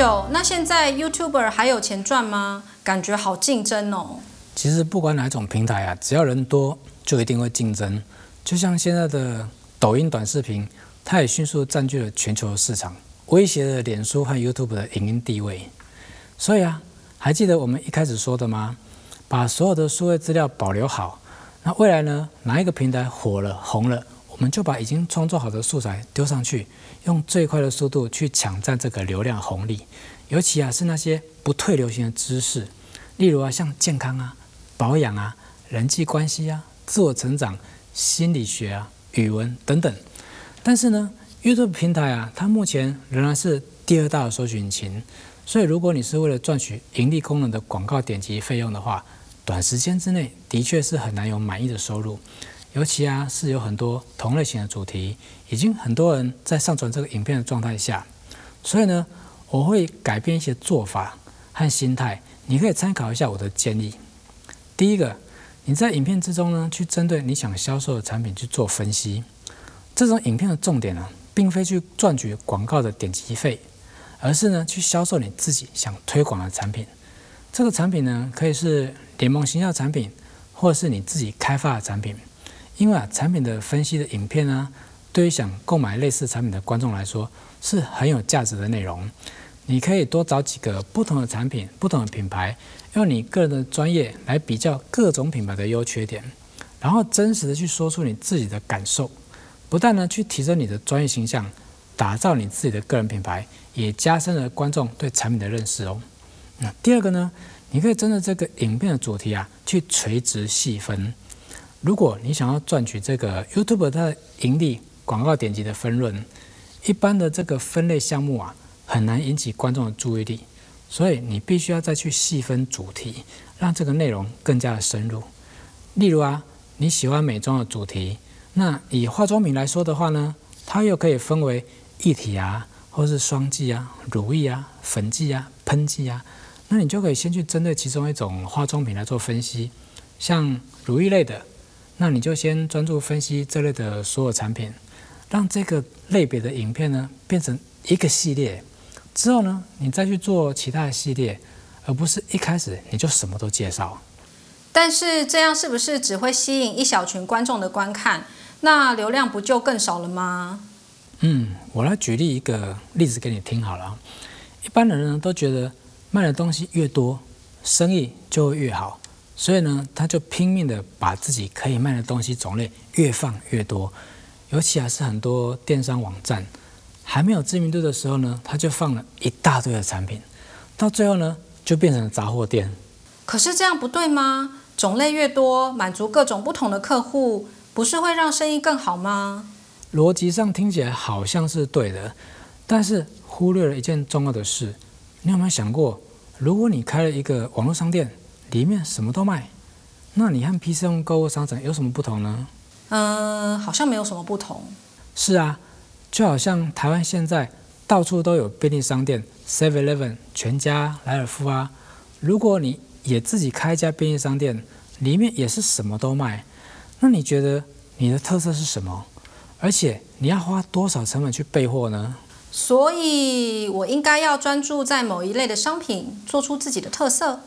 有，那現在 YouTuber 還有錢賺嗎？感覺好競爭哦。其實不管哪種平台啊，只要人多，就一定會競爭。就像現在的抖音短視頻，它也迅速佔據了全球市場，威脅了臉書和 YouTube 的影音地位。所以啊，還記得我們一開始說的嗎？把所有的數位資料保留好。那未來呢？哪一個平台火了、紅了？我們就把已經創作好的素材丟上去，用最快的速度去搶佔這個流量紅利。尤其啊，是那些不退流行的知識，例如啊，像健康啊、保養啊、人際關係啊、自我成長、心理學啊、語文等等。但是呢，YouTube 平台啊，它目前仍然是第二大的搜尋引擎。所以，如果你是為了賺取盈利功能的廣告點擊費用的話，短時間之內的確是很難有滿意的收入。尤其啊，是有很多同類型的主題，已經很多人在上傳這個影片的狀態下，所以呢，我會改變一些做法和心態。你可以參考一下我的建議。第一個，你在影片之中呢，去針對你想銷售的產品去做分析。這種影片的重點呢、啊，並非去賺取廣告的點擊費，而是呢，去銷售你自己想推廣的產品。這個產品呢，可以是聯盟行銷產品，或者是你自己開發的產品。因為啊，產品的分析的影片呢、啊，對於想購買類似產品的觀眾來說是很有價值的內容。你可以多找幾個不同的產品、不同的品牌，用你個人的專業來比較各種品牌的優缺點，然後真實的去說出你自己的感受，不但呢去提升你的專業形象，打造你自己的個人品牌，也加深了觀眾對產品的認識哦。那第二個呢，你可以針對這個影片的主題啊，去垂直細分。如果你想要賺取這個 YouTube 它的盈利，廣告點擊的分潤，一般的這個分類項目啊，很難引起觀眾的注意力，所以你必須要再去細分主題，讓這個內容更加的深入。例如啊，你喜歡美妝的主題，那以化妝品來說的話呢，它又可以分為液體啊，或是霜劑啊、乳液啊、粉劑啊、噴劑啊，那你就可以先去針對其中一種化妝品來做分析，像乳液類的。那你就先專注分析這類的所有產品，讓這個類別的影片呢，變成一個系列，之後呢，你再去做其他的系列，而不是一開始你就什麼都介紹。但是這樣是不是只會吸引一小群觀眾的觀看？那流量不就更少了嗎？嗯，我來舉例一個例子給你聽好了。一般的人呢，都覺得賣的東西越多，生意就會越好。所以呢，他就拼命地把自己可以賣的東西種類越放越多，尤其還是很多電商網站還沒有知名度的時候呢，他就放了一大堆的產品，到最後呢，就變成了雜貨店。可是這樣不對嗎？種類越多，滿足各種不同的客戶，不是會讓生意更好嗎？邏輯上聽起來好像是對的，但是忽略了一件重要的事，你有沒有想過，如果你開了一個網絡商店，裡面什麼都賣，那你和 PChome 購物商城有什麼不同呢？嗯，好像沒有什麼不同。是啊，就好像台灣現在到處都有便利商店，Seven Eleven、11，全家、萊爾富啊。如果你也自己開一家便利商店，裡面也是什麼都賣，那你覺得你的特色是什麼？而且你要花多少成本去備貨呢？所以我應該要專注在某一類的商品，做出自己的特色。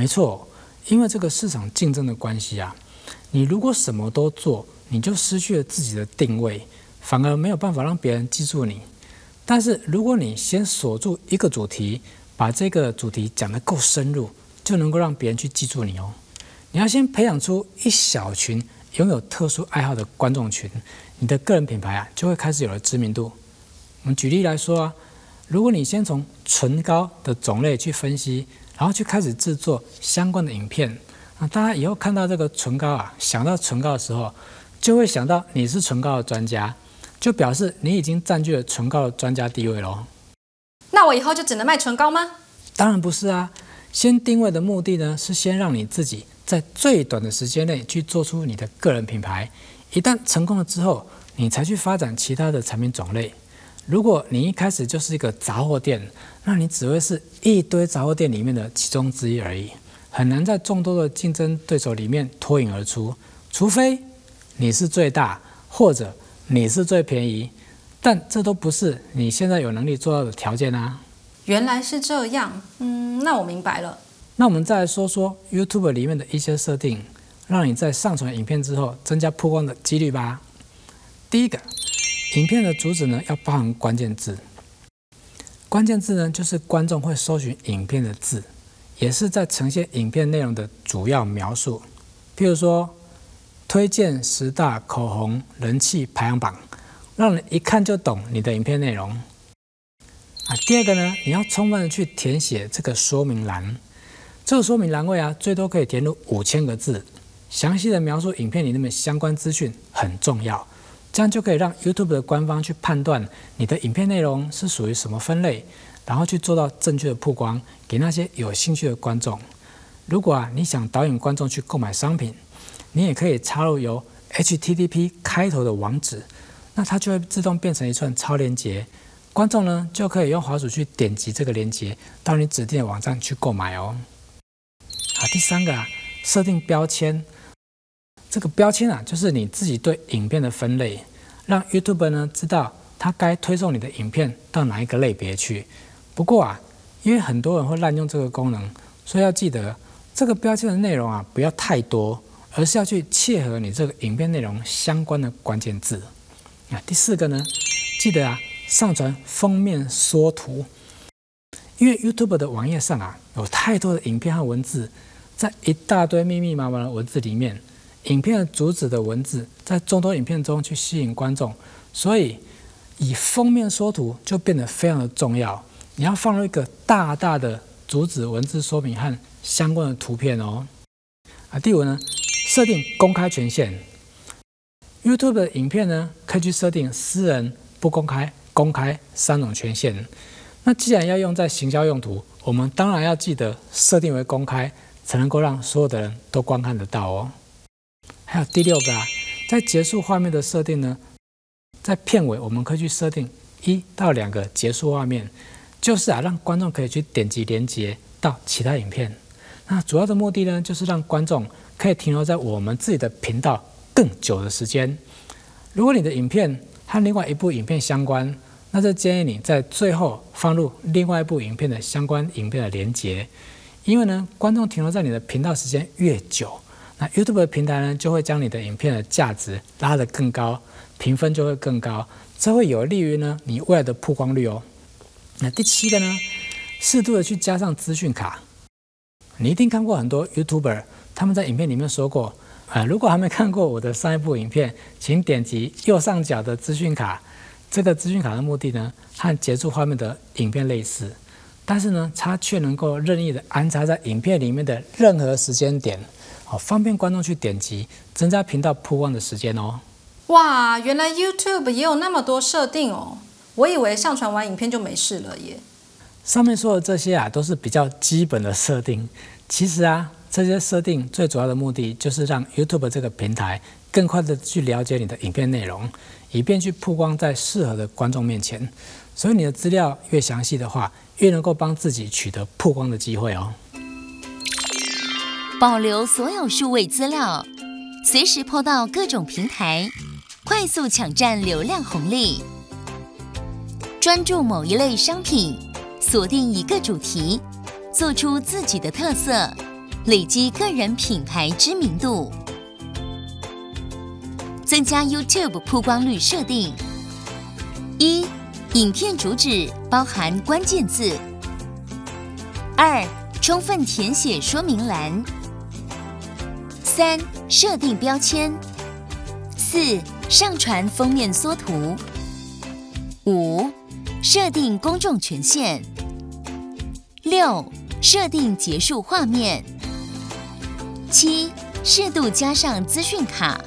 沒錯，因為這個市場競爭的關係啊，你如果什麼都做，你就失去了自己的定位，反而沒有辦法讓別人記住你。但是如果你先鎖住一個主題，把這個主題講得夠深入，就能夠讓別人去記住你哦。你要先培養出一小群擁有特殊愛好的觀眾群，你的個人品牌啊就會開始有了知名度。我們舉例來說啊，如果你先從唇膏的種類去分析。然後去開始製作相關的影片啊，大家以後看到這個唇膏啊，想到唇膏的時候，就會想到你是唇膏的專家，就表示你已經佔據了唇膏的專家地位嘍。那我以後就只能賣唇膏嗎？當然不是啊。先定位的目的呢，是先讓你自己在最短的時間內去做出你的個人品牌。一旦成功了之後，你才去發展其他的產品種類。如果你一開始就是一個雜貨店，那你只會是一堆雜貨店裡面的其中之一而已，很難在眾多的競爭對手裡面脫穎而出。除非你是最大，或者你是最便宜，但這都不是你現在有能力做到的條件啊。原來是這樣，嗯，那我明白了。那我們再來說說 YouTube 裡面的一些設定，讓你在上傳影片之後增加曝光的幾率吧。第一個，影片的主旨呢，要包含關鍵字。關鍵字呢，就是觀眾會搜尋影片的字，也是在呈現影片內容的主要描述。譬如說，推薦十大口紅人氣排行榜，讓人一看就懂你的影片內容。啊，第二個呢，你要充分的去填寫這個說明欄。這個說明欄位啊，最多可以填入五千個字，詳細的描述影片裡面相關資訊很重要。這樣就可以讓 YouTube 的官方去判斷你的影片內容是屬於什麼分類，然後去做到正確的曝光給那些有興趣的觀眾。如果啊你想導引觀眾去購買商品，你也可以插入由 HTTP 開頭的網址，那它就會自動變成一串超鏈接，觀眾呢就可以用滑鼠去點擊這個鏈接，到你指定的網站去購買哦。好，第三個啊，設定標籤。這個標籤啊，就是你自己對影片的分類，讓 YouTube 呢知道它該推送你的影片到哪一個類別去。不過啊，因為很多人會濫用這個功能，所以要記得這個標籤的內容啊，不要太多，而是要去切合你這個影片內容相關的關鍵字。啊，第四個呢，記得啊上傳封面縮圖，因為 YouTube 的網頁上啊有太多的影片和文字，在一大堆密密麻麻的文字裡面。影片的主旨的文字在眾多影片中去吸引觀眾，所以以封面縮圖就變得非常的重要。你要放入一個大大的主旨文字說明和相關的圖片哦。啊，第五呢，設定公開權限。YouTube 的影片呢，可以去設定私人、不公開、公開三種權限。那既然要用在行銷用途，我們當然要記得設定為公開，才能夠讓所有的人都觀看得到哦。還有第六個啊，在結束畫面的設定呢，在片尾我們可以去設定一到兩個結束畫面，就是啊讓觀眾可以去點擊連接到其他影片。那主要的目的呢，就是讓觀眾可以停留在我們自己的頻道更久的時間。如果你的影片和另外一部影片相關，那就建議你在最後放入另外一部影片的相關影片的連接，因為呢，觀眾停留在你的頻道時間越久。那 YouTube 平台呢，就會將你的影片的價值拉得更高，評分就會更高，這會有利於呢你未來的曝光率哦。那第七個呢，適度的去加上資訊卡，你一定看過很多 YouTuber，他們在影片裡面說過，啊、呃，如果還沒看過我的上一部影片，請點擊右上角的資訊卡。這個資訊卡的目的呢，和結束畫面的影片類似，但是呢，它卻能夠任意的安插在影片裡面的任何時間點。好，方便觀眾去點擊，增加頻道曝光的時間哦。哇，原來 YouTube 也有那麼多設定哦。我以為上傳完影片就沒事了耶。上面說的這些啊，都是比較基本的設定。其實啊，這些設定最主要的目的就是讓 YouTube 這個平台更快的去了解你的影片內容，以便去曝光在適合的觀眾面前。所以你的資料越詳細的話，越能夠幫自己取得曝光的機會哦。保留所有數位資料，隨時 PO 到各種平台，快速搶佔流量紅利。專注某一類商品，鎖定一個主題，做出自己的特色，累積個人品牌知名度，增加 YouTube 曝光率。設定：一、影片主旨包含關鍵字；二、充分填寫說明欄。三、設定標籤。四、上傳封面縮圖。五、設定公眾權限。六、設定結束畫面。七、適度加上資訊卡。